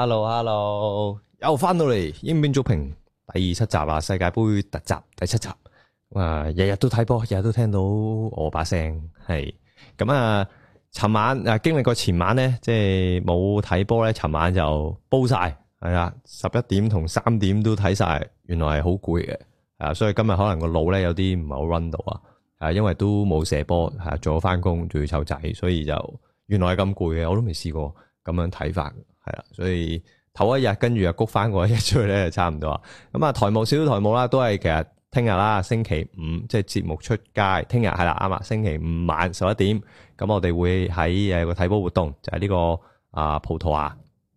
hello hello 又翻到嚟鷹兵足評第二七集啊，世界杯特集第七集啊，日日都睇波，日日都聽到我把聲係咁、嗯、啊，尋晚啊經歷過前晚咧，即係冇睇波咧，尋晚就煲晒係啊，十一點同三點都睇晒，原來係好攰嘅啊，所以今日可能個腦咧有啲唔係好 run 到啊，啊因為都冇射波，係啊，仲要翻工，仲要湊仔，所以就原來係咁攰嘅，我都未試過咁樣睇法。係啦，所以頭一日跟住又谷翻過一出去咧，就差唔多啊。咁、嗯、啊，台務少少台務啦，都係其實聽日啦，星期五即係節目出街。聽日係啦，啱啊，星期五晚十一點，咁我哋會喺誒個睇波活動，就係呢個啊葡萄牙。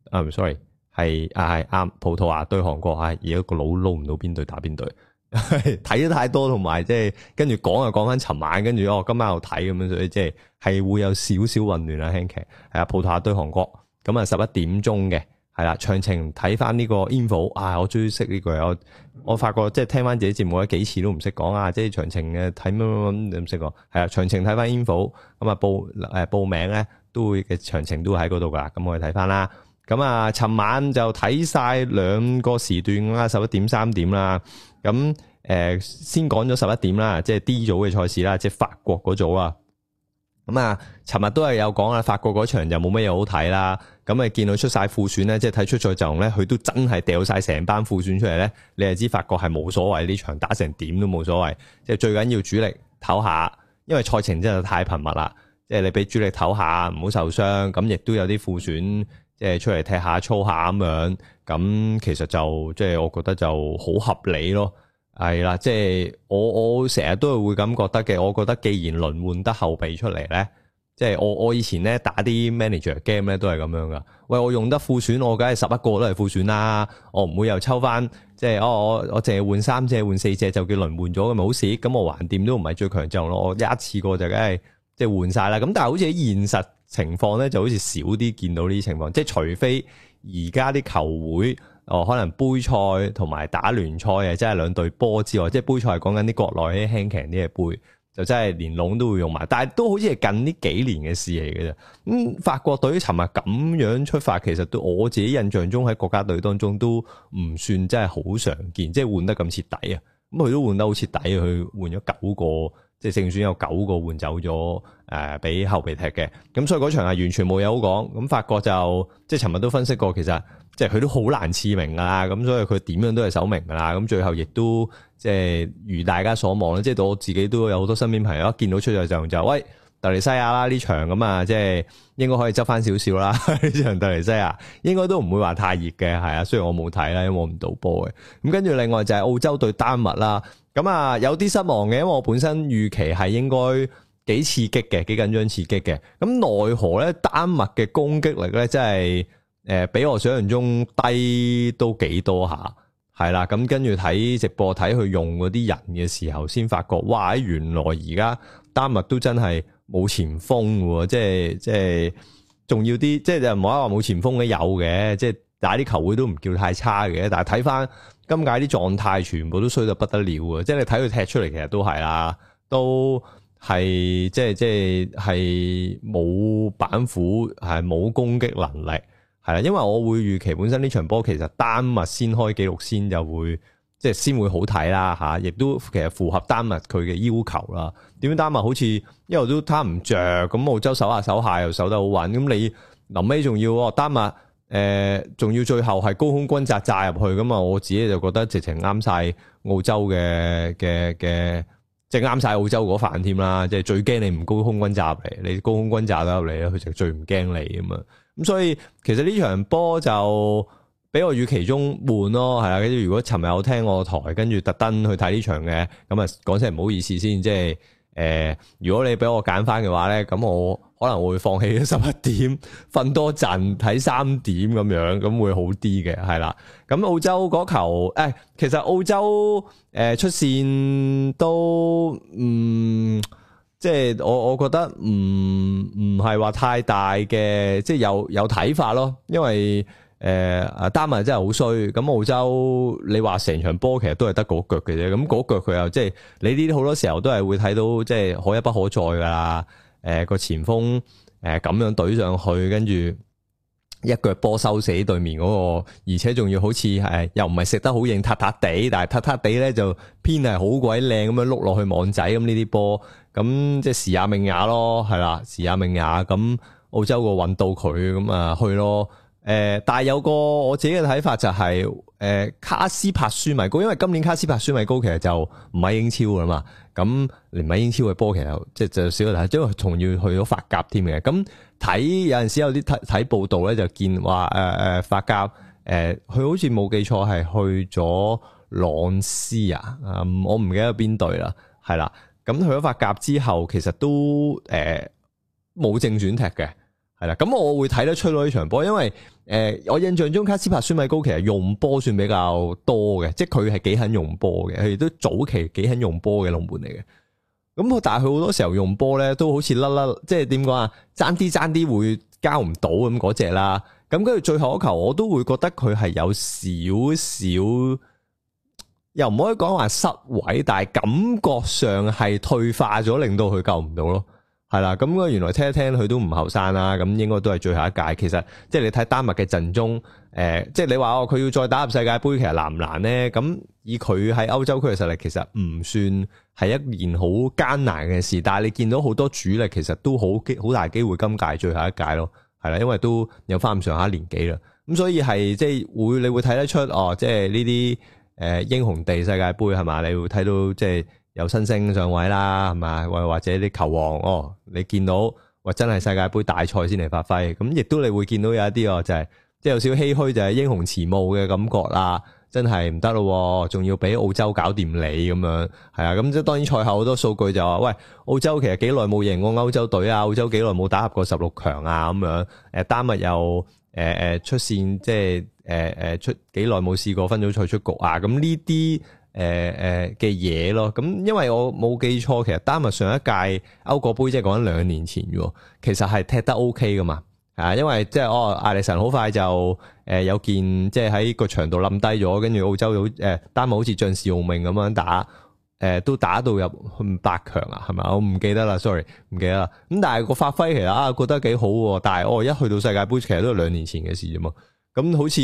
啊唔 sorry，係啊係啱葡萄牙對韓國啊，而家個腦撈唔到邊隊打邊隊，睇 咗太多，同埋即係跟住講啊講翻尋晚，跟住我今晚又睇咁樣，所以即係係會有少少混亂啊。輕劇係啊，葡萄牙對韓國。咁啊，十一點鐘嘅，係啦，詳情睇翻呢個 info，啊，我終於識呢句，我我發覺即係聽翻自己節目幾次都唔識講啊，即係詳情嘅睇乜乜乜，你唔識講，係啊，詳情睇翻 info，咁、嗯、啊報誒、呃、報名咧，都會嘅詳情都喺嗰度噶啦，咁我哋睇翻啦。咁啊，尋晚就睇晒兩個時段啦，十一點、三點啦。咁誒、呃、先講咗十一點啦，即係 D 組嘅賽事啦，即係法國嗰組啊。咁、嗯、啊，尋日都係有講啊，法國嗰場又冇乜嘢好睇啦。咁啊，見到出晒副選咧，即係睇出賽陣容咧，佢都真係掉晒成班副選出嚟咧，你係知法國係冇所謂，呢場打成點都冇所謂，即係最緊要主力唞下，因為賽程真係太頻密啦。即係你俾主力唞下，唔好受傷，咁亦都有啲副選即係出嚟踢下操下咁樣，咁其實就即係我覺得就好合理咯。係啦，即係、就是、我我成日都係會咁覺得嘅。我覺得既然輪換得後備出嚟咧，即、就、係、是、我我以前咧打啲 manager game 咧都係咁樣噶喂，我用得副選，我梗係十一個都係副選啦。我唔會又抽翻，即、就、係、是、哦，我我淨係換三隻換四隻就叫輪換咗，咪好蝕。咁我橫掂都唔係最強就咯。我一次過就梗係即係換晒啦。咁但係好似喺現實情況咧，就好似少啲見到呢啲情況。即係除非而家啲球會。哦，可能杯賽同埋打聯賽啊，即係兩隊波之外，即係杯賽係講緊啲國內啲輕鬆啲嘅杯，就真係連籠都會用埋。但係都好似係近呢幾年嘅事嚟嘅啫。咁、嗯、法國隊尋日咁樣出發，其實對我自己印象中喺國家隊當中都唔算真係好常見，即係換得咁徹底啊。咁佢都換得好徹底，佢換咗九個，即係勝選有九個換走咗誒，俾、呃、後備踢嘅。咁、嗯、所以嗰場係完全冇嘢好講。咁、嗯、法國就即係尋日都分析過，其實。即係佢都好難次名噶啦，咁所以佢點樣都係首名噶啦。咁最後亦都即係如大家所望咧，即係到我自己都有好多身邊朋友一見到出賽就就喂，突尼西亞啦呢場咁啊，即係應該可以執翻少少啦呢 場突尼西亞應該都唔會話太熱嘅係啊。雖然我冇睇啦，因為我唔賭波嘅。咁跟住另外就係澳洲對丹麥啦，咁啊有啲失望嘅，因為我本身預期係應該幾刺激嘅，幾緊張刺激嘅。咁奈何咧丹麥嘅攻擊力咧真係～誒，比我想完中像低都幾多下，係啦。咁跟住睇直播睇佢用嗰啲人嘅時候，先發覺哇！原來而家丹麥都真係冇前鋒嘅，即係即係重要啲，即係就唔好話冇前鋒嘅，有嘅，即係但啲球會都唔叫太差嘅。但係睇翻今屆啲狀態，全部都衰到不得了嘅，即係你睇佢踢出嚟，其實都係啦，都係即係即係係冇板斧，係冇攻擊能力。係啦，因為我會預期本身呢場波其實丹麥先開紀錄先就會，即係先會好睇啦吓，亦都其實符合丹麥佢嘅要求啦。點樣丹麥，好似一路都撻唔着，咁澳洲守下守下又守得好穩。咁你臨尾仲要丹麥，誒、呃，仲要最後係高空轟炸，炸入去咁啊。我自己就覺得直情啱晒澳洲嘅嘅嘅，即係啱晒澳洲嗰飯添啦。即係最驚你唔高空轟炸入嚟，你高空轟炸得入嚟咧，佢就最唔驚你啊嘛。咁所以其實呢場波就比我預期中悶咯，係啦。跟住如果尋日有聽我台，跟住特登去睇呢場嘅，咁啊講聲唔好意思先，即係誒、呃，如果你俾我揀翻嘅話咧，咁我可能會放棄咗十一點，瞓多陣睇三點咁樣，咁會好啲嘅，係啦。咁、嗯、澳洲嗰球誒、欸，其實澳洲誒、呃、出線都嗯。即係我我覺得唔唔係話太大嘅，即係有有睇法咯。因為誒誒丹麥真係好衰。咁澳洲你話成場波其實都係得嗰腳嘅啫。咁嗰腳佢又即係你呢啲好多時候都係會睇到即係可一不可再噶喇。誒、呃、個前鋒誒咁樣懟上去，跟住一腳波收死對面嗰個，而且仲要好似係又唔係食得好認，撻撻地，但係撻撻地咧就偏係好鬼靚咁樣碌落去網仔咁呢啲波。咁即係時也命也咯，係啦，時也命也。咁澳洲個運到佢咁啊去咯。誒、呃，但係有個我自己嘅睇法就係、是，誒、呃，卡斯帕舒米高，因為今年卡斯帕舒米高其實就唔係英超噶嘛。咁連唔係英超嘅波，其實即係就少咗。但係仲要去咗法甲添嘅。咁睇有陣時有啲睇睇報道咧，就見話誒誒法甲，誒，佢、呃呃呃、好似冇記錯係去咗朗斯啊。啊、嗯，我唔記得邊隊啦，係啦。咁去咗法甲之後，其實都誒冇、呃、正選踢嘅，係啦。咁我會睇得出咯呢場波，因為誒、呃、我印象中卡斯帕舒米高其實用波算比較多嘅，即係佢係幾肯用波嘅，佢亦都早期幾肯用波嘅龍門嚟嘅。咁但係佢好多時候用波咧，都好似甩甩，即係點講啊？爭啲爭啲會交唔到咁嗰隻啦。咁跟住最後一球，我都會覺得佢係有少少。又唔可以講話失位，但係感覺上係退化咗，令到佢救唔到咯，係啦。咁佢原來聽一聽佢都唔後生啦，咁應該都係最後一屆。其實即係你睇丹麥嘅陣中，誒，即係你話、呃、哦，佢要再打入世界盃，其實難唔難呢？咁以佢喺歐洲區嘅實力，其實唔算係一件好艱難嘅事。但係你見到好多主力，其實都好機好大機會，今屆最後一屆咯，係啦，因為都有翻咁上下年紀啦。咁所以係即係會你會睇得出哦，即係呢啲。誒英雄地世界盃係嘛？你會睇到即係有新星上位啦，係嘛？或或者啲球王哦，你見到或真係世界盃大賽先嚟發揮。咁亦都你會見到有一啲哦，就係即係有少少唏噓，就係、是、英雄遲暮嘅感覺啦。真係唔得咯，仲要俾澳洲搞掂你咁樣，係啊。咁即係當然賽後好多數據就話，喂，澳洲其實幾耐冇贏過歐洲隊啊，澳洲幾耐冇打合過十六強啊咁樣。誒，丹麥又。誒誒出線即係誒誒出幾耐冇試過分組賽出局啊！咁呢啲誒誒嘅嘢咯，咁因為我冇記錯，其實丹麥上一屆歐國杯即係講緊兩年前喎，其實係踢得 OK 嘅嘛，啊，因為即係哦，艾歷臣好快就誒、呃、有件即係喺個場度冧低咗，跟住澳洲好誒、呃、丹麥好似將士用命咁樣打。誒都打到入去八強啊，係咪我唔記得啦，sorry，唔記得啦。咁但係個發揮其實啊覺得幾好喎，但係我、哦、一去到世界盃，其實都係兩年前嘅事啫嘛。咁好似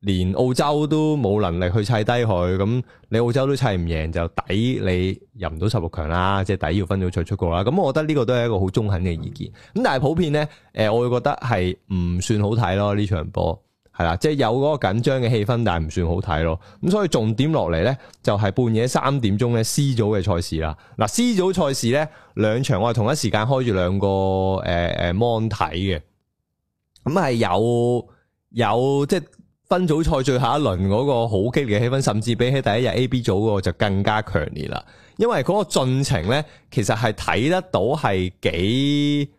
連澳洲都冇能力去砌低佢，咁你澳洲都砌唔贏，就抵你入唔到十六強啦，即係抵要分組賽出過啦。咁我覺得呢個都係一個好中肯嘅意見。咁但係普遍咧，誒我會覺得係唔算好睇咯呢場波。係啦，即係有嗰個緊張嘅氣氛，但係唔算好睇咯。咁所以重點落嚟咧，就係、是、半夜三點鐘咧 C 組嘅賽事啦。嗱，C 組賽事咧兩場，我係同一時間開住兩個誒誒 mon 睇嘅。咁、呃、係、呃、有有即係、就是、分組賽最後一輪嗰個好激烈嘅氣氛，甚至比起第一日 A、B 組個就更加強烈啦。因為嗰個進程咧，其實係睇得到係幾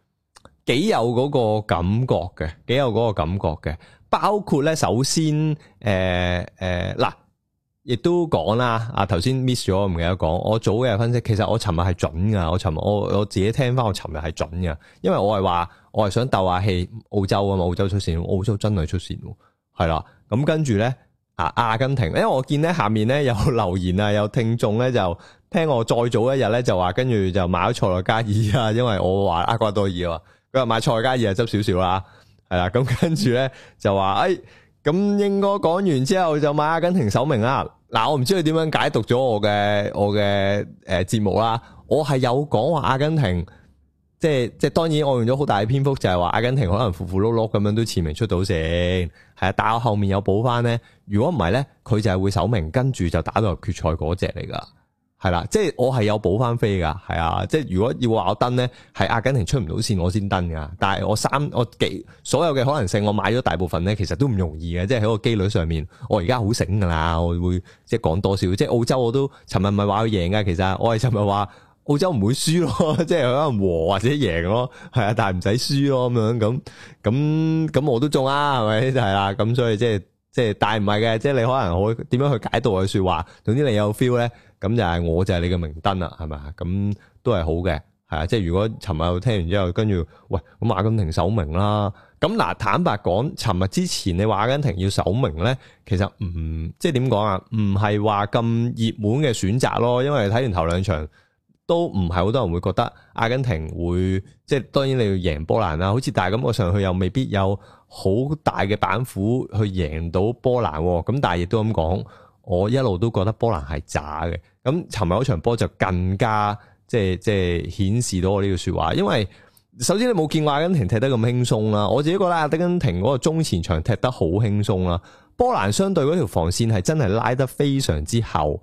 幾有嗰個感覺嘅，幾有嗰個感覺嘅。包括咧，首先，誒誒，嗱，亦都講啦。啊，頭先 miss 咗，唔記得講。我早嘅分析，其實我尋日係準㗎。我尋日，我我自己聽翻，我尋日係準㗎，因為我係話，我係想鬥下氣。澳洲吖嘛。澳洲出線，澳洲真係出線喎，係啦。咁、嗯、跟住咧，啊，阿根廷，因為我見咧下面咧有留言啊，有聽眾咧就聽我再早一日咧就話，跟住就買咗塞內加爾啊，因為我話厄瓜多爾啊，佢話買塞加爾啊，執少少啦。係啦，咁跟住咧就話，誒，咁應該講完之後就買阿根廷首名啦。嗱，我唔知佢點樣解讀咗我嘅我嘅誒節目啦。我係有講話阿根廷，即係即係當然，我用咗好大嘅篇幅就係話阿根廷可能糊糊碌碌咁樣都前名出到線，係啊，但係我後面有補翻咧。如果唔係咧，佢就係會首名，跟住就打到決賽嗰隻嚟噶。係啦，即係我係有補翻飛噶，係啊，即係如果要話我登咧，係阿根廷出唔到線我先登噶，但係我三我幾所有嘅可能性我買咗大部分咧，其實都唔容易嘅，即係喺個機率上面，我而家好醒噶啦，我會即係講多少，即係澳洲我都尋日唔係話要贏噶，其實我係尋日話澳洲唔會輸咯，即係可能和或者贏咯，係啊，但係唔使輸咯，咁樣咁咁咁我都中啦，係咪？就係啦，咁所以即係即係但係唔係嘅，即係你可能我點樣去解讀我嘅說話，總之你有 feel 咧。咁就係我就係你嘅明燈啦，係咪啊？咁都係好嘅，係啊！即係如果尋日聽完之後，跟住喂，咁阿根廷首名啦。咁嗱，坦白講，尋日之前你話阿根廷要首名呢，其實唔、嗯、即係點講啊？唔係話咁熱門嘅選擇咯，因為睇完頭兩場都唔係好多人會覺得阿根廷會即係當然你要贏波蘭啦。好似大咁，我上去又未必有好大嘅板斧去贏到波蘭。咁但係亦都咁講。我一路都覺得波蘭係渣嘅，咁尋日嗰場波就更加即係即係顯示到我呢句說話，因為首先你冇見過阿根廷踢得咁輕鬆啦，我自己覺得阿根廷嗰個中前場踢得好輕鬆啦，波蘭相對嗰條防線係真係拉得非常之厚，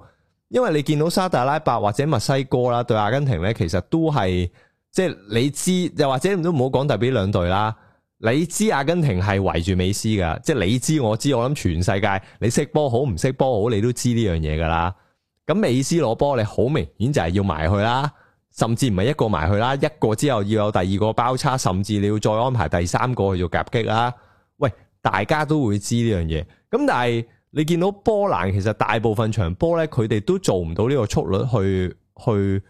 因為你見到沙特阿拉伯或者墨西哥啦，對阿根廷呢其實都係即係你知，又或者唔都唔好講代表兩隊啦。你知阿根廷係圍住美斯㗎，即係你知我知，我諗全世界你識波好唔識波好，你都知呢樣嘢㗎啦。咁美斯攞波，你好明顯就係要埋去啦，甚至唔係一個埋去啦，一個之後要有第二個包抄，甚至你要再安排第三個去做夾擊啦。喂，大家都會知呢樣嘢。咁但係你見到波蘭其實大部分場波呢，佢哋都做唔到呢個速率去去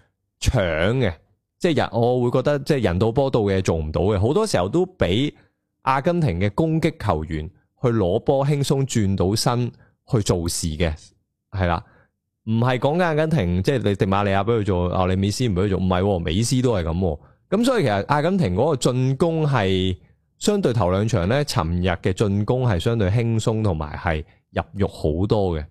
搶嘅。即係人，我會覺得即係人到波到嘅做唔到嘅，好多時候都俾阿根廷嘅攻擊球員去攞波輕鬆轉到身去做事嘅，係啦，唔係講緊阿根廷，即係你迪馬利亞俾佢做，奧、哦、利米斯唔俾佢做，唔係，美斯都係咁，咁所以其實阿根廷嗰個進攻係相對頭兩場呢尋日嘅進攻係相對輕鬆同埋係入肉好多嘅，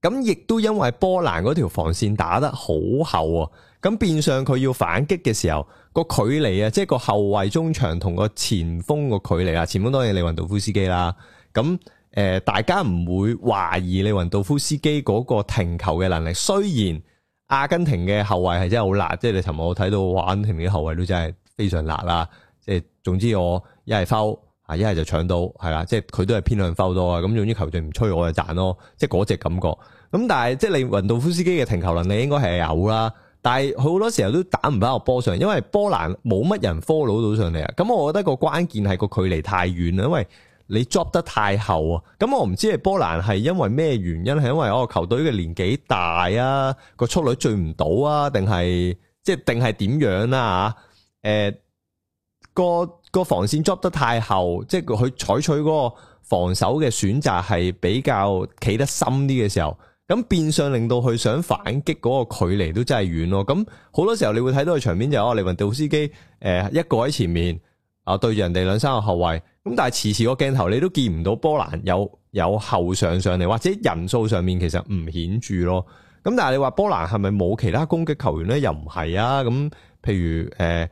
咁亦都因為波蘭嗰條防線打得好厚啊。咁變相佢要反擊嘅時候，個距離啊，即係個後衞中場同個前鋒個距離啊，前鋒當然利雲杜夫斯基啦。咁誒，大家唔會懷疑利雲杜夫斯基嗰個停球嘅能力。雖然阿根廷嘅後衞係真係好辣，即係你尋日我睇到阿根廷嘅後衞都真係非常辣啦。即係總之我一係 foul，啊一係就搶到，係啦。即係佢都係偏向 foul 多啊。咁總之球隊唔吹我就賺咯。即係嗰隻感覺。咁但係即係利雲杜夫斯基嘅停球能力應該係有啦。但係好多時候都打唔翻個波上，因為波蘭冇乜人 follow 到到上嚟啊。咁我覺得個關鍵係個距離太遠啦，因為你捉得太後啊。咁我唔知係波蘭係因為咩原因，係因為哦球隊嘅年紀大啊，個速率追唔到啊，定係即係定係點樣啦吓？誒，個個防線捉得太後，即係佢去採取嗰個防守嘅選擇係比較企得深啲嘅時候。咁變相令到佢想反擊嗰個距離都真係遠咯。咁好多時候你會睇到嘅場面就係利雲多夫斯基，一個喺前面啊，對住人哋兩三個後衞，咁但係遲遲個鏡頭你都見唔到波蘭有有後上上嚟，或者人數上面其實唔顯著咯。咁但係你話波蘭係咪冇其他攻擊球員咧？又唔係啊。咁譬如誒誒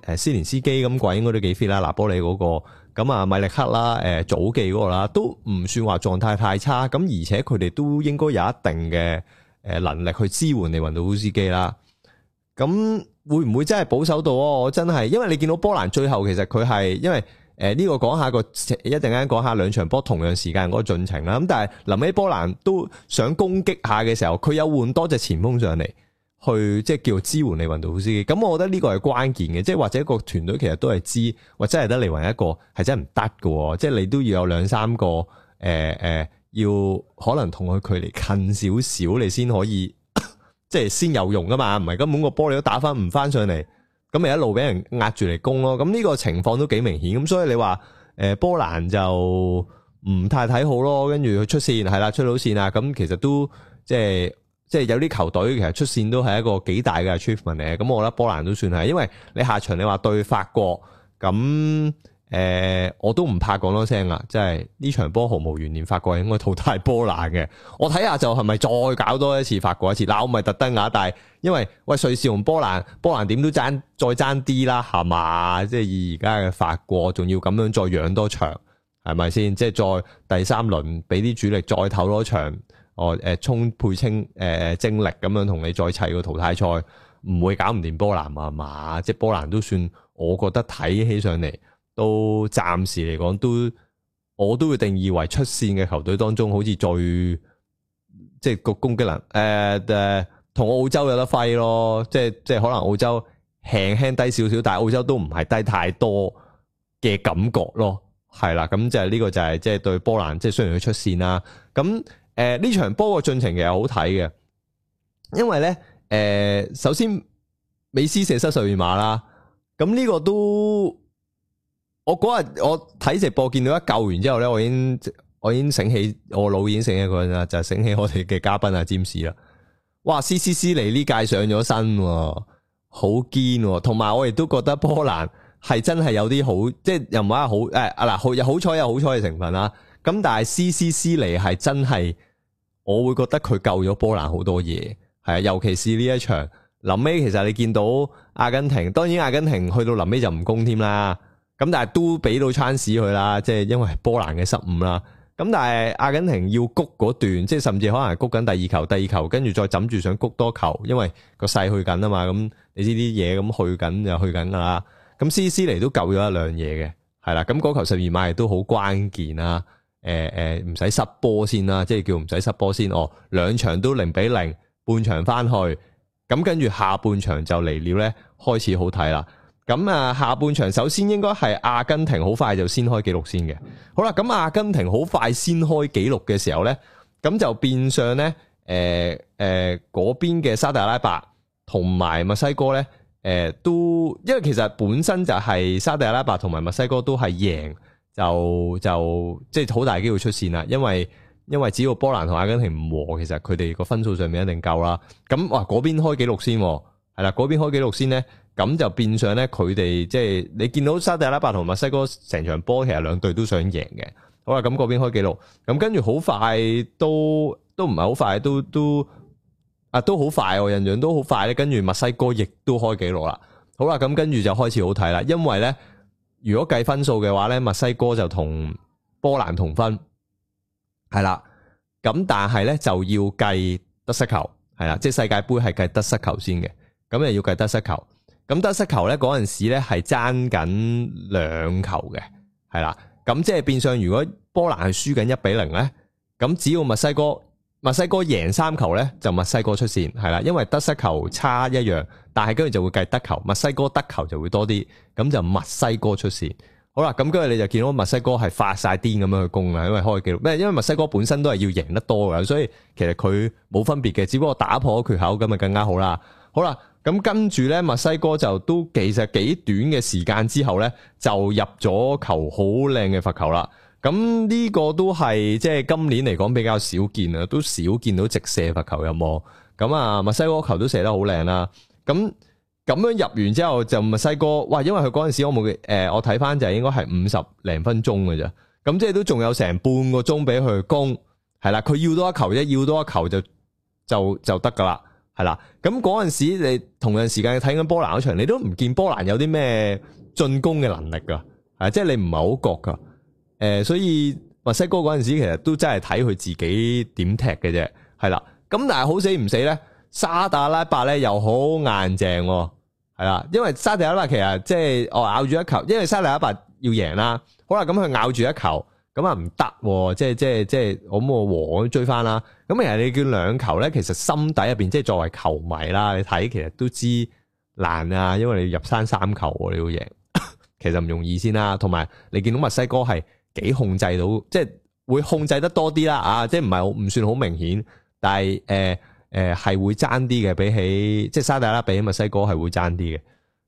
誒斯連斯基咁鬼應該都幾 fit 啦。嗱，波利嗰個。咁啊，米力克啦，誒，祖記嗰個啦，都唔算話狀態太差，咁而且佢哋都應該有一定嘅誒能力去支援你雲度夫斯基啦。咁、嗯、會唔會真係保守到？我真係，因為你見到波蘭最後其實佢係因為誒呢個講下個一陣間講下兩場波同樣時間嗰個進程啦。咁但係臨尾波蘭都想攻擊下嘅時候，佢有換多隻前鋒上嚟。去即係叫支援你運動老師，咁我覺得呢個係關鍵嘅，即係或者個團隊其實都係知，或者係得你雲一個係真係唔得嘅，即係你都要有兩三個，誒、呃、誒、呃，要可能同佢距離近少少，你先可以即係先有用噶嘛，唔係根本個波你都打返唔返上嚟，咁咪一路俾人壓住嚟攻咯，咁呢個情況都幾明顯，咁所以你話誒、呃、波蘭就唔太睇好咯，跟住佢出線係啦，出到線啦，咁其實都即係。即係有啲球隊其實出線都係一個幾大嘅 achievement 嘅，咁我覺得波蘭都算係，因為你下場你話對法國，咁誒、呃、我都唔怕講多聲啊，即係呢場波毫無懸念，法國應該淘汰波蘭嘅。我睇下就係咪再搞多一次法國一次，嗱、啊、我咪特登但係，因為喂瑞士同波蘭，波蘭點都爭再爭啲啦，係嘛？即係而家嘅法國仲要咁樣再養多場，係咪先？即係再第三輪俾啲主力再唞多場。哦，誒充沛清誒、呃、精力咁樣同你再砌個淘汰賽，唔會搞唔掂波蘭啊嘛！即係波蘭都算，我覺得睇起上嚟都暫時嚟講都，我都會定義為出線嘅球隊當中好，好似最即係個攻擊能，誒、呃、誒，同澳洲有得揮咯！即係即係可能澳洲輕輕低少少，但係澳洲都唔係低太多嘅感覺咯。係啦，咁就係呢個就係、是、即係對波蘭，即係雖然佢出線啦，咁。誒，呢、呃、場波嘅進程其實好睇嘅，因為咧，誒、呃，首先美斯射失十二碼啦，咁、這、呢個都我嗰日我睇直播見到一救完之後咧，我已經我已經醒起，我腦已經醒起一個人啦，就是、醒起我哋嘅嘉賓啊，占士啦，哇，C C C 嚟呢屆上咗身，好、哦、堅，同埋我亦都覺得波蘭係真係有啲好，即係又唔係好誒、哎，啊嗱，又好彩有好彩嘅成分啦，咁但係 C C C 嚟係真係。我會覺得佢救咗波蘭好多嘢，係啊，尤其是呢一場，臨尾其實你見到阿根廷，當然阿根廷去到臨尾就唔攻添啦，咁但係都俾到餐屎佢啦，即係因為波蘭嘅失誤啦，咁但係阿根廷要谷嗰段，即係甚至可能係谷緊第二球，第二球跟住再枕住想谷多球，因為個勢去緊啊嘛，咁你知啲嘢咁去緊就去緊啦，咁 C.C 嚟都救咗一兩嘢嘅，係啦，咁嗰球十二碼亦都好關鍵啦。誒誒，唔使、呃、塞波先啦，即係叫唔使塞波先哦。兩場都零比零，半場翻去，咁跟住下半場就嚟了呢，開始好睇啦。咁、嗯、啊，下半場首先應該係阿根廷好快就先開紀錄先嘅。好啦，咁、嗯、阿根廷好快先開紀錄嘅時候呢，咁就變相呢，誒、呃、誒，嗰邊嘅沙特阿拉伯同埋墨西哥呢，誒、呃、都因為其實本身就係沙特阿拉伯同埋墨西哥都係贏。就就即係好大機會出線啦，因為因為只要波蘭同阿根廷唔和，其實佢哋個分數上面一定夠啦。咁哇，嗰邊開紀錄先係啦，嗰邊開紀錄先咧，咁就變相咧佢哋即係你見到沙特阿拉伯同墨西哥成場波，其實兩隊都想贏嘅。好啦，咁嗰邊開紀錄，咁跟住好快都都唔係好快，都都啊都好快，印象都好快咧。跟住墨西哥亦都開紀錄啦。好啦，咁跟住就開始好睇啦，因為咧。如果計分數嘅話咧，墨西哥就同波蘭同分，係啦，咁但係咧就要計得失球，係啦，即係世界盃係計得失球先嘅，咁又要計得失球，咁得失球咧嗰陣時咧係爭緊兩球嘅，係啦，咁即係變相如果波蘭係輸緊一比零咧，咁只要墨西哥。墨西哥贏三球咧，就墨西哥出線，係啦，因為得失球差一樣，但係跟住就會計得球，墨西哥得球就會多啲，咁就墨西哥出線。好啦，咁跟住你就見到墨西哥係發晒癲咁樣去攻啦，因為開記錄咩？因為墨西哥本身都係要贏得多嘅，所以其實佢冇分別嘅，只不過打破咗缺口咁咪更加好啦。好啦，咁跟住咧，墨西哥就都其實幾短嘅時間之後咧，就入咗球好靚嘅罰球啦。咁呢個都係即係今年嚟講比較少見啊，都少見到直射罰球入波。咁啊，墨西哥球都射得好靚啦。咁咁樣入完之後就墨西哥，哇！因為佢嗰陣時我冇誒、呃，我睇翻，就係應該係五十零分鐘嘅啫。咁即係都仲有成半個鐘俾佢攻，係啦。佢要多一球啫，要多一球就就就得噶啦，係啦。咁嗰陣時你同樣時間睇緊波蘭嗰場，你都唔見波蘭有啲咩進攻嘅能力噶，係即係你唔係好覺噶。誒，所以墨西哥嗰陣時其實都真係睇佢自己點踢嘅啫，係啦。咁但係好死唔死咧，沙特阿拉伯咧又好硬淨、哦，係啦。因為沙特阿拉伯其實即係我咬住一球，因為沙特阿拉伯要贏啦。好啦，咁、嗯、佢咬住一球，咁啊唔得，即係即係即係，咁我和追翻啦。咁其實你叫兩球咧，其實心底入邊即係作為球迷啦，你睇其實都知難啊，因為你入山三球你要贏， 其實唔容易先啦。同埋你見到墨西哥係。幾控制到，即係會控制得多啲啦，啊，即係唔係唔算好明顯，但係誒誒係會爭啲嘅，比起即係沙特阿拉比起墨西哥係會爭啲嘅。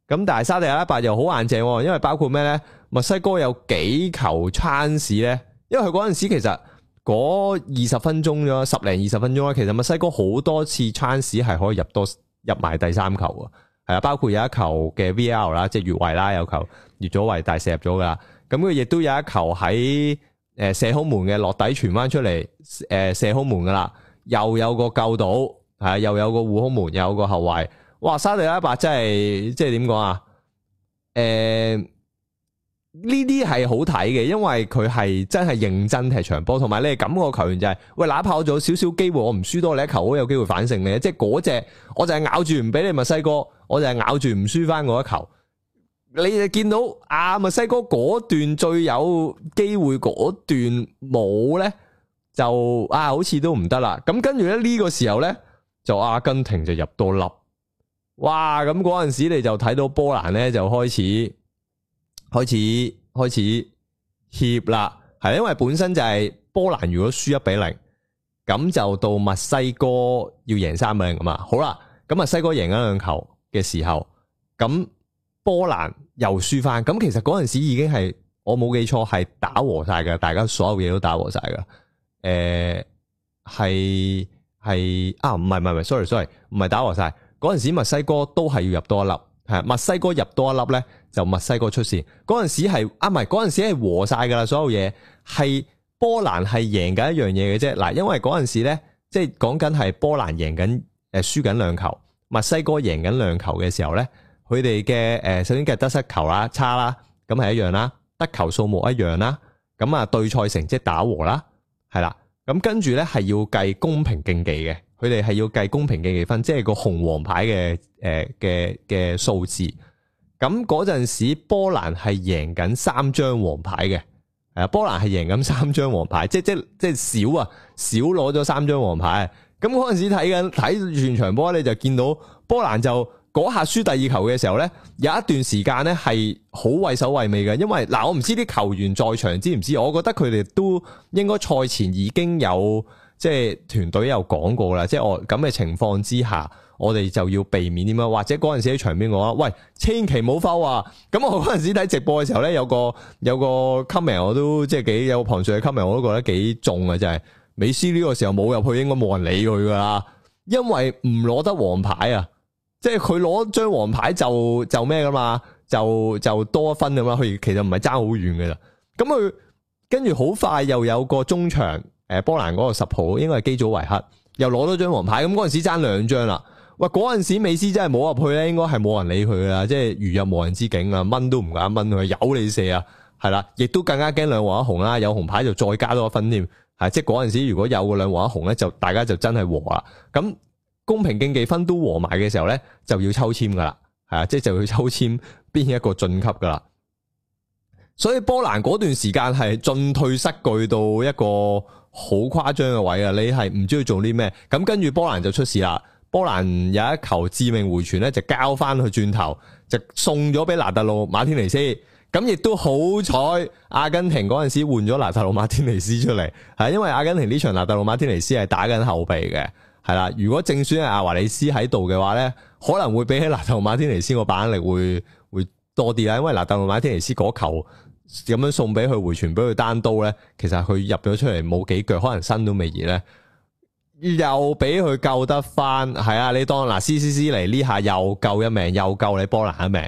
咁但係沙特阿拉伯又好硬淨，因為包括咩呢？墨西哥有幾球 chance 呢？因為佢嗰陣時其實嗰二十分鐘咗，十零二十分鐘啊，其實墨西哥好多次 chance 係可以入多入埋第三球啊，係啊，包括有一球嘅 V L 啦，即係越位啦，有球越咗位，但係射入咗噶。咁佢亦都有一球喺誒射空門嘅落底傳翻出嚟，誒射空門噶啦，又有個救到，係又有個護空門，又有個後衛，哇！沙地拉伯真係即係點講啊？誒，呢啲係好睇嘅，因為佢係真係認真踢長波，同埋你咁個球員就係、是、喂哪怕我咗少少機會，我唔輸多你一球，好有機會反勝你。即係嗰隻，我就係咬住唔俾你墨西哥，我就係咬住唔輸翻我一球。你就見到啊墨西哥嗰段最有機會嗰段冇呢，就啊，好似都唔得啦。咁跟住咧呢、呢個時候呢，就阿根廷就入多粒，哇！咁嗰陣時你就睇到波蘭呢，就開始開始開始怯啦，係因為本身就係波蘭如果輸一比零，咁就到墨西哥要贏三名咁嘛。0, 好啦，咁墨西哥贏一兩球嘅時候，咁。波蘭又輸翻，咁其實嗰陣時已經係我冇記錯，係打和晒嘅，大家所有嘢都打和晒噶。誒、呃，係係啊，唔係唔係 sorry sorry，唔係打和晒。嗰陣時墨西哥都係要入多一粒，係墨西哥入多一粒呢，就墨西哥出事。嗰陣時係啊，唔係嗰陣時係和晒噶啦，所有嘢係波蘭係贏緊一樣嘢嘅啫。嗱，因為嗰陣時咧，即係講緊係波蘭贏緊誒輸緊兩球，墨西哥贏緊兩球嘅時候呢。佢哋嘅誒，首先計得失球啦，差啦，咁係一樣啦，得球數目一樣啦，咁啊對賽成績打和啦，係啦，咁跟住呢，係要計公平競技嘅，佢哋係要計公平競技分，即係個紅黃牌嘅誒嘅嘅數字。咁嗰陣時波蘭係贏緊三張黃牌嘅，係波蘭係贏緊三張黃牌，即即即少啊，少攞咗三張黃牌。咁嗰陣時睇緊睇全場波你就見到波蘭就。嗰下輸第二球嘅時候呢，有一段時間呢係好畏首畏尾嘅，因為嗱，我唔知啲球員在場知唔知，我覺得佢哋都應該賽前已經有即係團隊有講過啦，即係我咁嘅情況之下，我哋就要避免點樣，或者嗰陣時喺場邊講，喂，千祈唔好 foul 啊！咁我嗰陣時睇直播嘅時候呢，有個有個 comment 我都即係幾有旁述嘅 comment，我都覺得幾重啊！就係、是，美斯呢個時候冇入去，應該冇人理佢噶啦，因為唔攞得黃牌啊。即係佢攞張黃牌就就咩噶嘛？就就多一分咁啊！佢其實唔係爭好遠嘅啦。咁佢跟住好快又有個中場誒，波蘭嗰個十號，應該係基祖維克，又攞咗張黃牌。咁嗰陣時爭兩張啦。喂，嗰陣時美斯真係冇入去咧，應該係冇人理佢啊！即係如入無人之境啊，掹都唔敢掹佢，由你射啊，係啦。亦都更加驚兩黃一紅啦，有紅牌就再加多一分添。係即係嗰陣時如果有個兩黃一紅咧，就大家就真係和啦。咁。公平競技分都和埋嘅時候呢，就要抽籤噶啦，係啊，即係就要抽籤邊一個晉級噶啦。所以波蘭嗰段時間係進退失據到一個好誇張嘅位啊，你係唔知道要做啲咩，咁跟住波蘭就出事啦。波蘭有一球致命回傳呢，就交翻去轉頭，就送咗俾拿特魯馬天尼斯，咁亦都好彩。阿根廷嗰陣時換咗拿特魯馬天尼斯出嚟，係因為阿根廷呢場拿特魯馬天尼斯係打緊後備嘅。係啦，如果正選係阿華里斯喺度嘅話咧，可能會比起納豆馬天尼斯個板力會會多啲啦。因為納豆馬天尼斯嗰球咁樣送俾佢回傳俾佢單刀咧，其實佢入咗出嚟，冇幾腳，可能身都未熱咧，又俾佢救得翻。係啊，你當嗱 C C C 嚟，呢下又救一命，又救你波蘭一命。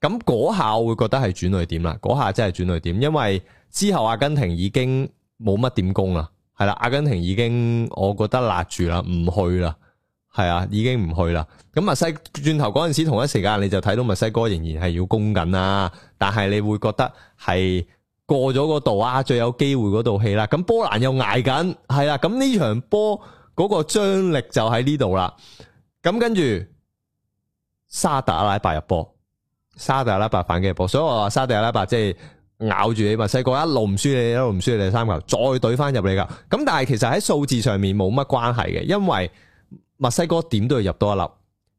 咁嗰下我會覺得係轉捩點啦，嗰下真係轉捩點，因為之後阿根廷已經冇乜點攻啦。係啦，阿根廷已經我覺得辣住啦，唔去啦，係啊，已經唔去啦。咁墨西哥轉頭嗰陣時，同一時間你就睇到墨西哥仍然係要攻緊啊，但係你會覺得係過咗嗰度啊，最有機會嗰度起啦。咁波蘭又捱緊，係啦。咁呢場波嗰個張力就喺呢度啦。咁跟住沙特阿拉伯入波，沙特阿拉伯反擊入波，所以我話沙特阿拉伯即係。咬住你，墨西哥一路唔輸你，一路唔輸你第三球，再懟翻入你噶咁但係其實喺數字上面冇乜關係嘅，因為墨西哥點都要入多一粒，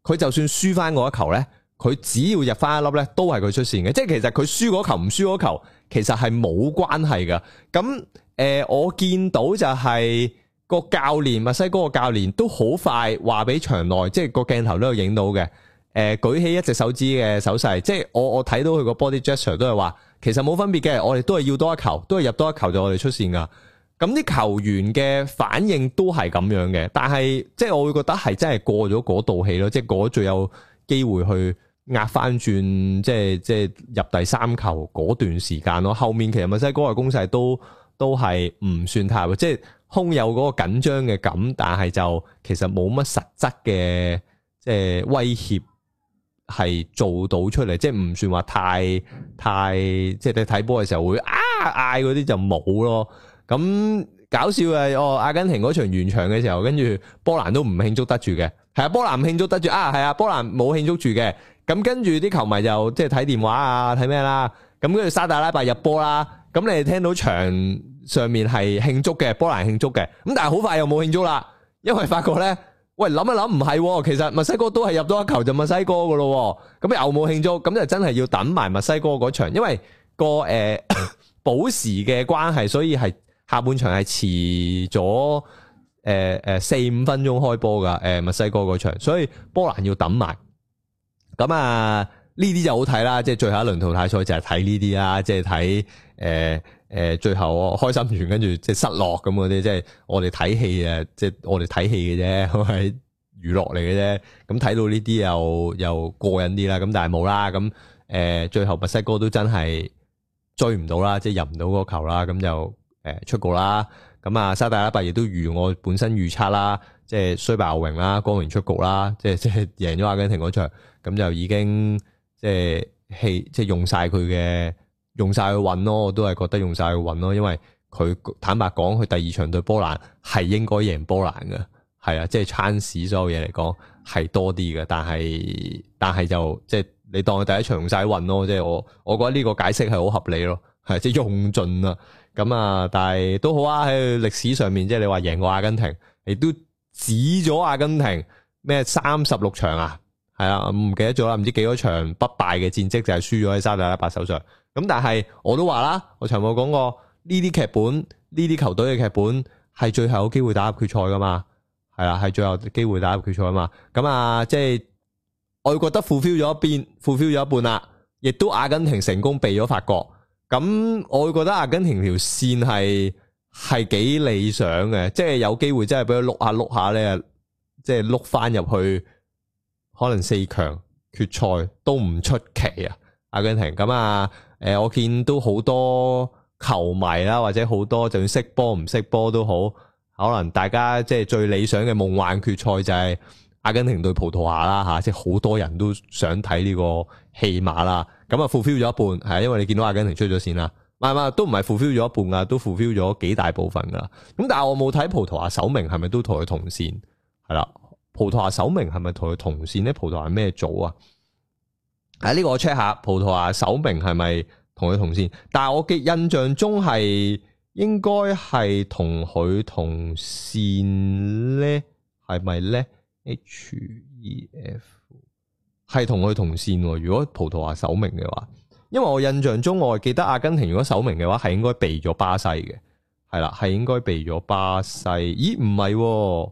佢就算輸翻嗰一球呢，佢只要入翻一粒呢，都係佢出綫嘅。即係其實佢輸嗰球唔輸嗰球，其實係冇關係噶咁誒、呃，我見到就係個教練，墨西哥個教練都好快話俾場內，即係個鏡頭都有影到嘅。誒、呃，舉起一隻手指嘅手勢，即係我我睇到佢個 body gesture 都係話，其實冇分別嘅，我哋都係要多一球，都係入多一球就我哋出線噶咁啲球員嘅反應都係咁樣嘅，但係即係我會覺得係真係過咗嗰道氣咯，即係過咗最有機會去壓翻轉，即係即係入第三球嗰段時間咯。後面其實墨西哥嘅攻勢都都係唔算太，即係空有嗰個緊張嘅感，但係就其實冇乜實質嘅即係威脅。係做到出嚟，即係唔算話太太，即係你睇波嘅時候會啊嗌嗰啲就冇咯。咁搞笑嘅哦，阿根廷嗰場完場嘅時候，跟住波蘭都唔慶祝得住嘅。係啊，波蘭唔慶祝得住啊，係啊，波蘭冇慶祝住嘅。咁跟住啲球迷就即係睇電話啊，睇咩啦？咁跟住沙特阿拉伯入波啦。咁你係聽到場上面係慶祝嘅，波蘭慶祝嘅。咁但係好快又冇慶祝啦，因為發覺咧。喂諗一諗唔係，其實墨西哥都係入咗一球就墨西哥噶咯，咁又冇慶祝，咁就真係要等埋墨西哥嗰場，因為個誒保時嘅關係，所以係下半場係遲咗誒誒四五分鐘開波噶，誒墨西哥嗰場，所以波蘭要等埋，咁啊呢啲就好睇啦，即係最後一輪淘汰賽就係睇呢啲啦，即係睇誒。誒，最後開心完，跟住即係失落咁嗰啲，即係我哋睇戲啊，即係我哋睇戲嘅啫，係咪娛樂嚟嘅啫？咁睇到呢啲又又過癮啲啦，咁但係冇啦。咁誒，最後墨西哥都真係追唔到啦，即係入唔到個球啦，咁就誒出局啦。咁啊，沙地阿拉伯亦都如我本身預測啦，即係雖敗猶榮啦，光榮出局啦。即係即係贏咗阿根廷嗰場，咁就已經即係氣，即係用晒佢嘅。用晒去混咯，我都係覺得用晒去混咯，因為佢坦白講，佢第二場對波蘭係應該贏波蘭嘅，係啊，即係餐 h 所有嘢嚟講係多啲嘅，但係但係就即係你當佢第一場用晒混咯，即係我我覺得呢個解釋係好合理咯，係即係用盡啦，咁啊，但係都好啊喺歷史上面，即係你話贏過阿根廷，你都指咗阿根廷咩三十六場啊？係啊，唔記得咗啦，唔知幾多場不敗嘅戰績，就係輸咗喺沙特阿拉伯手上。咁但係我都話啦，我陳冇講過呢啲劇本，呢啲球隊嘅劇本係最後有機會打入決賽噶嘛？係啊，係最後機會打入決賽啊嘛。咁、嗯、啊，即係我會覺得 fulfill 咗一邊，fulfill 咗一半啦。亦都阿根廷成功避咗法國，咁、嗯、我會覺得阿根廷條線係係幾理想嘅，即係有機會真係俾佢碌下碌下咧，即係碌翻入去。可能四強決賽都唔出奇啊，阿根廷咁啊，誒、嗯嗯，我見到好多球迷啦，或者好多，就算識波唔識波都好，可能大家即係最理想嘅夢幻決賽就係阿根廷對葡萄牙啦吓、啊，即係好多人都想睇呢個戲碼啦。咁、嗯、啊，付票咗一半，係、嗯、因為你見到阿根廷出咗線啦，唔係唔係，都唔係付票咗一半噶，都付票咗幾大部分噶。咁但係我冇睇葡萄牙首名係咪都同佢同線？係啦。葡萄牙首名係咪同佢同線呢？葡萄牙咩組啊？喺、啊、呢、這個我 check 下，葡萄牙首名係咪同佢同線？但係我嘅印象中係應該係同佢同線呢？係咪呢？H E F 係同佢同線？如果葡萄牙首名嘅話，因為我印象中我記得阿根廷如果首名嘅話係應該避咗巴西嘅，係啦，係應該避咗巴西。咦？唔係、哦。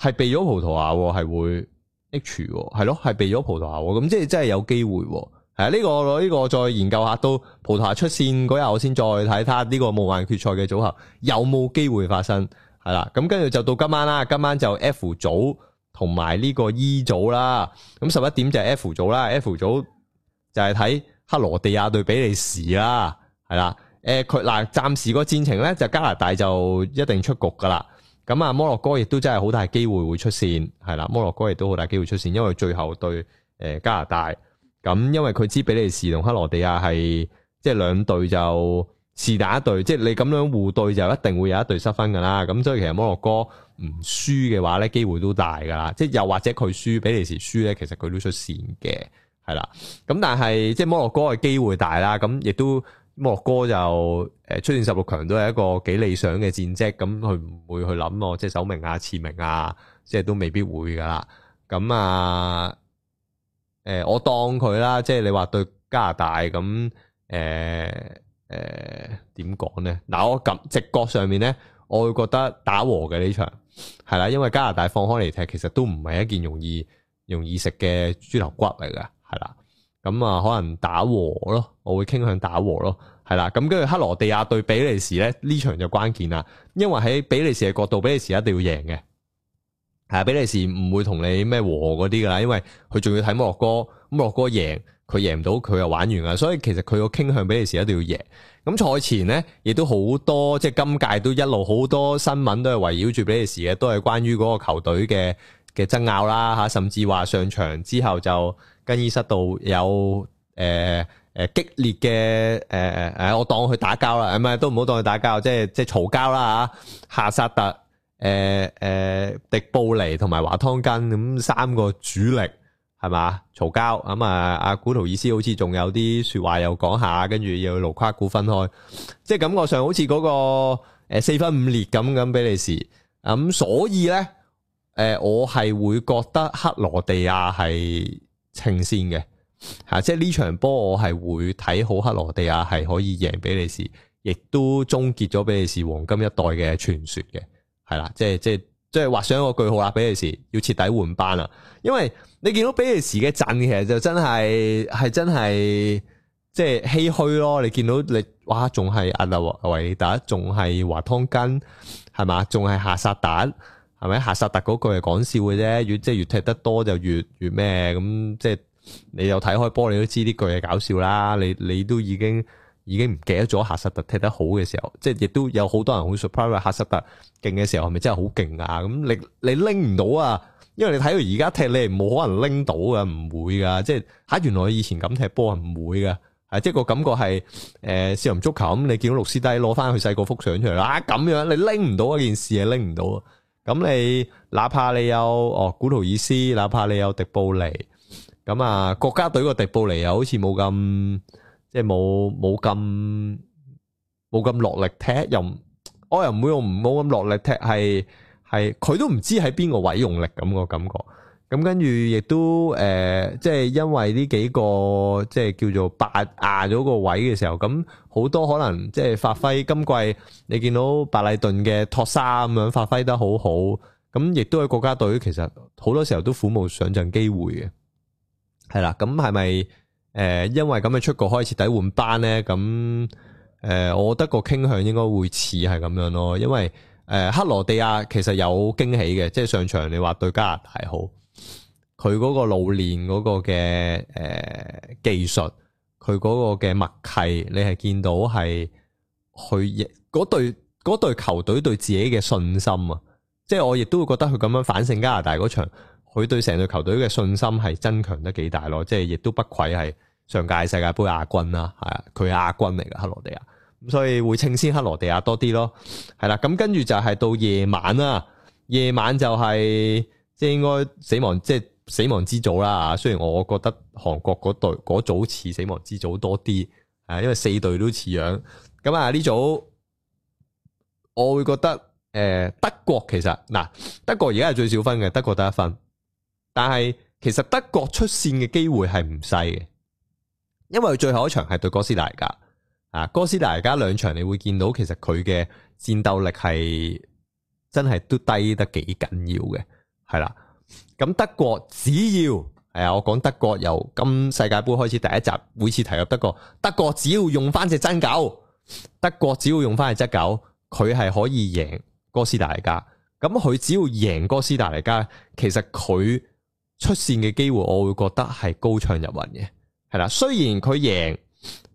係避咗葡萄牙，係會 H，係咯，係避咗葡萄牙，咁即係真係有機會。係啊，呢個呢個再研究下，到葡萄牙出線嗰日，我先再睇下呢個夢幻決賽嘅組合有冇機會發生。係啦，咁跟住就到今晚啦，今晚就 F 組同埋呢個 E 組啦。咁十一點就係 F 組啦，F 組就係睇克羅地亞對比利時啦。係啦，誒、呃，佢、呃、嗱，暫時個戰情呢，就加拿大就一定出局噶啦。咁啊摩洛哥亦都真係好大機會會出線，係啦，摩洛哥亦都好大機會出線，因為最後對誒加拿大，咁因為佢知比利時同克羅地亞係即係兩隊就是打一隊，即係你咁樣互對就一定會有一隊失分噶啦，咁所以其實摩洛哥唔輸嘅話咧機會都大噶啦，即係又或者佢輸比利時輸咧，其實佢都出線嘅係啦，咁但係即係摩洛哥嘅機會大啦，咁亦都。莫哥就誒出線十六強都係一個幾理想嘅戰績，咁佢唔會去諗咯，即係首名啊、次名啊，即係都未必會㗎喇。咁啊誒、呃，我當佢啦，即係你話對加拿大咁誒誒點講呢？嗱，我感直覺上面呢，我會覺得打和嘅呢場係啦，因為加拿大放開嚟踢，其實都唔係一件容易容易食嘅豬頭骨嚟嘅，係啦。咁啊、嗯，可能打和咯，我會傾向打和咯，係啦，咁跟住克羅地亞對比利時咧，呢場就關鍵啦，因為喺比利時嘅角度，比利時一定要贏嘅，係啊，比利時唔會同你咩和嗰啲噶啦，因為佢仲要睇摩洛哥，咁摩洛哥贏，佢贏唔到，佢又玩完啦，所以其實佢個傾向比利時一定要贏。咁賽前呢，亦都好多即係今屆都一路好多新聞都係圍繞住比利時嘅，都係關於嗰個球隊嘅嘅爭拗啦吓，甚至話上場之後就。更衣室度有誒誒、呃、激烈嘅誒誒，我當佢打交啦，唔係都唔好當佢打交，即係即係嘈交啦吓。夏薩特誒誒、呃呃、迪布尼同埋華湯根咁三個主力係嘛嘈交，咁啊阿古圖爾斯好似仲有啲說話又講下，跟住又盧卡古分開，即係感覺上好似嗰個誒四分五裂咁咁比利時，咁、嗯、所以咧誒、呃、我係會覺得克羅地亞係。稱先嘅吓、啊，即係呢場波我係會睇好克羅地亞係可以贏比利時，亦都終結咗比利時黃金一代嘅傳說嘅，係啦、啊，即係即係即係畫上一個句號啦，比利時要徹底換班啦，因為你見到比利時嘅陣其實就真係係真係即係唏噓咯，你見到你哇仲係阿諾維尼達仲係華湯根係嘛，仲係夏薩達。係咪？夏薩特嗰句係講笑嘅啫，越即係越踢得多就越越咩咁？即係你又睇開波，你都知呢句係搞笑啦。你你都已經已經唔記得咗夏薩特踢得好嘅時候，即係亦都有好多人會 surprise 夏薩特勁嘅時候係咪真係好勁啊？咁、嗯、你你拎唔到啊？因為你睇到而家踢，你係冇可能拎到嘅，唔會噶。即係嚇、啊，原來以前咁踢波係唔會嘅，即係個感覺係誒、呃、少林足球咁。你見到陸師弟攞翻佢細個幅相出嚟啊，咁樣你拎唔到件事嘢，拎唔到。咁你哪怕你有哦古圖爾斯，哪怕你有迪布尼，咁啊國家隊個迪布尼又好似冇咁即係冇冇咁冇咁落力踢，又我又唔會用唔冇咁落力踢，係係佢都唔知喺邊個位用力咁個感覺。咁跟住亦都誒，即係因為呢幾個即係叫做霸壓咗個位嘅時候，咁好多可能即係發揮今季，你見到白禮頓嘅托沙咁樣發揮得好好，咁亦都喺國家隊其實好多時候都苦無上陣機會嘅，係啦。咁係咪誒因為咁樣出局開始底換班咧？咁誒，我覺得個傾向應該會似係咁樣咯，因為誒克羅地亞其實有驚喜嘅，即係上場你話對加拿大好。佢嗰個老練嗰個嘅誒、呃、技術，佢嗰個嘅默契，你係見到係佢嗰隊嗰球隊對自己嘅信心啊！即係我亦都會覺得佢咁樣反勝加拿大嗰場，佢對成隊球隊嘅信心係增強得幾大咯！即係亦都不愧係上屆世界盃亞軍啦，係啊，佢亞軍嚟嘅克羅地亞，咁所以會稱先克羅地亞多啲咯，係啦。咁跟住就係到夜晚啦，夜晚就係、是、即係應該死亡即係。死亡之組啦，雖然我覺得韓國嗰隊嗰組似死亡之組多啲，啊，因為四隊都似樣。咁啊呢組我會覺得，誒、呃，德國其實嗱，德國而家係最少分嘅，德國得一分，但係其實德國出線嘅機會係唔細嘅，因為最後一場係對哥斯達黎加，啊，哥斯達黎加兩場你會見到其實佢嘅戰鬥力係真係都低得幾緊要嘅，係啦。咁德國只要係啊、哎，我講德國由今世界杯開始第一集，每次提及德國，德國只要用翻隻真狗，德國只要用翻隻真狗，佢係可以贏哥斯達黎加。咁佢只要贏哥斯達黎加，其實佢出線嘅機會我會覺得係高唱入雲嘅，係啦。雖然佢贏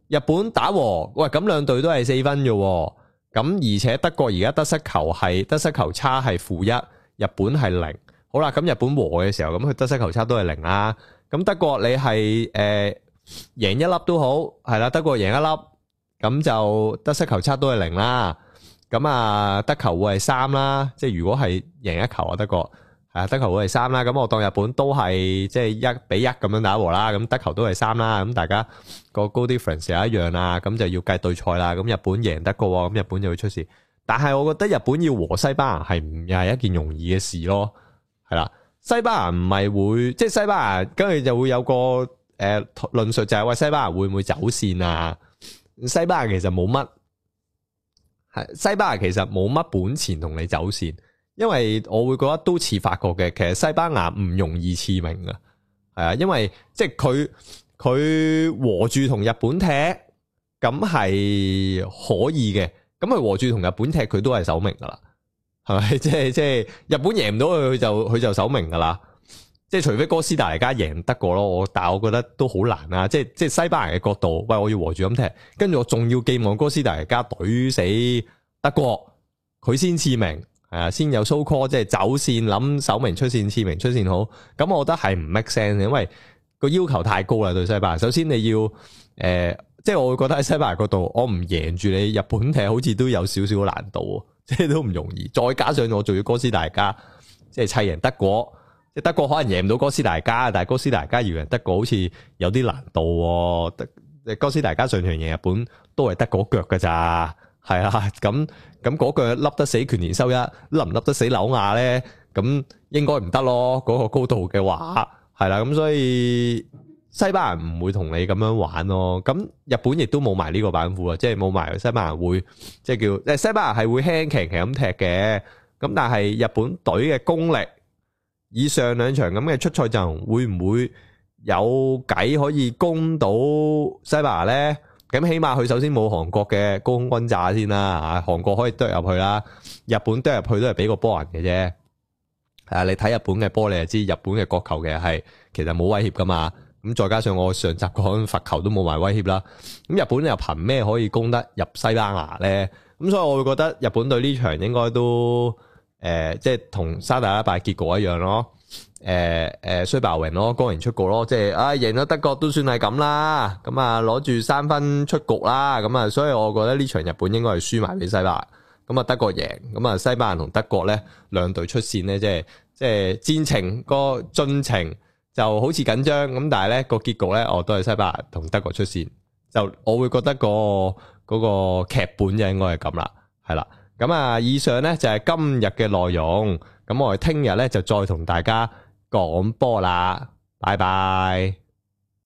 日本打和，喂咁兩隊都係四分嘅咁，而且德國而家得失球係得失球差係負一，1, 日本係零。好啦，咁日本和嘅時候，咁佢得失球差都係零啦。咁德國你係誒贏一粒都好係啦，德國贏一粒咁就得失球差都係零啦。咁啊得球會係三啦，即係如果係贏一球啊，德國係啊得球會係三啦。咁我當日本都係即係一比一咁樣打和啦，咁得球都係三啦。咁大家個 goal difference 又一樣啦，咁就要計對賽啦。咁日本贏德國，咁日本就會出事。但係我覺得日本要和西班牙係唔又係一件容易嘅事咯。係啦，西班牙唔係會，即係西班牙跟住就會有個誒論、呃、述就係、是、喂，西班牙會唔會走線啊？西班牙其實冇乜，係西班牙其實冇乜本錢同你走線，因為我會覺得都似法國嘅，其實西班牙唔容易次名噶。係啊，因為即係佢佢和住同日本踢，咁係可以嘅，咁佢和住同日本踢佢都係首名噶啦。係咪？即係即係日本贏唔到佢，就佢就首名噶啦。即係除非哥斯達黎加贏得過咯，我但係我覺得都好難啊。即係即係西班牙嘅角度，喂，我要和住咁踢，跟住我仲要寄望哥斯達黎加隊死德國，佢先次名，啊，先有 show call，即係走線諗首名出線次名出線好。咁我覺得係唔 make sense，因為個要求太高啦。對西班牙，首先你要誒、呃，即係我會覺得喺西班牙角度，我唔贏住你日本踢，好似都有少少難度。即係都唔容易，再加上我做咗哥斯達加，即係砌贏德國，即係德國可能贏唔到哥斯達加，但係哥斯達加要贏德國好似有啲難度。德，哥斯達加上場贏日本都係得嗰腳嘅咋，係啊，咁咁嗰腳笠得死權田修一，笠唔笠得死紐亞呢？咁應該唔得咯，嗰個高度嘅話係啦，咁所以。西班牙唔會同你咁樣玩咯，咁日本亦都冇埋呢個板斧啊，即係冇埋西班牙會，即係叫誒，西班牙係會輕騎騎咁踢嘅，咁但係日本隊嘅功力，以上兩場咁嘅出賽陣會唔會有計可以攻到西班牙呢？咁起碼佢首先冇韓國嘅高空轟炸先啦，吓韓國可以剁入去啦，日本剁入去都係俾個波人嘅啫，誒，你睇日本嘅波你就知日本嘅國球嘅係其實冇威脅噶嘛。咁再加上我上集講罰球都冇埋威脅啦，咁日本又憑咩可以攻得入西班牙咧？咁所以我會覺得日本隊呢場應該都誒，即係同沙特阿拉伯結果一樣咯。誒誒，雖敗猶榮咯，當然出局咯，即係啊，贏咗德國都算係咁啦。咁啊，攞住三分出局啦。咁啊，所以我覺得呢場日本應該係輸埋俾西班牙。咁啊，德國贏。咁啊，西班牙同德國咧兩隊出線咧，即係即係戰情個進程。就好似緊張咁，但係呢、呢個結局咧，我都係西班牙同德國出線，就我會覺得、嗰個嗰，嗰個劇本就應該係咁啦，係啦。咁啊，以上呢就係、是、今日嘅內容，咁我哋聽日呢，就再同大家講波啦，拜拜。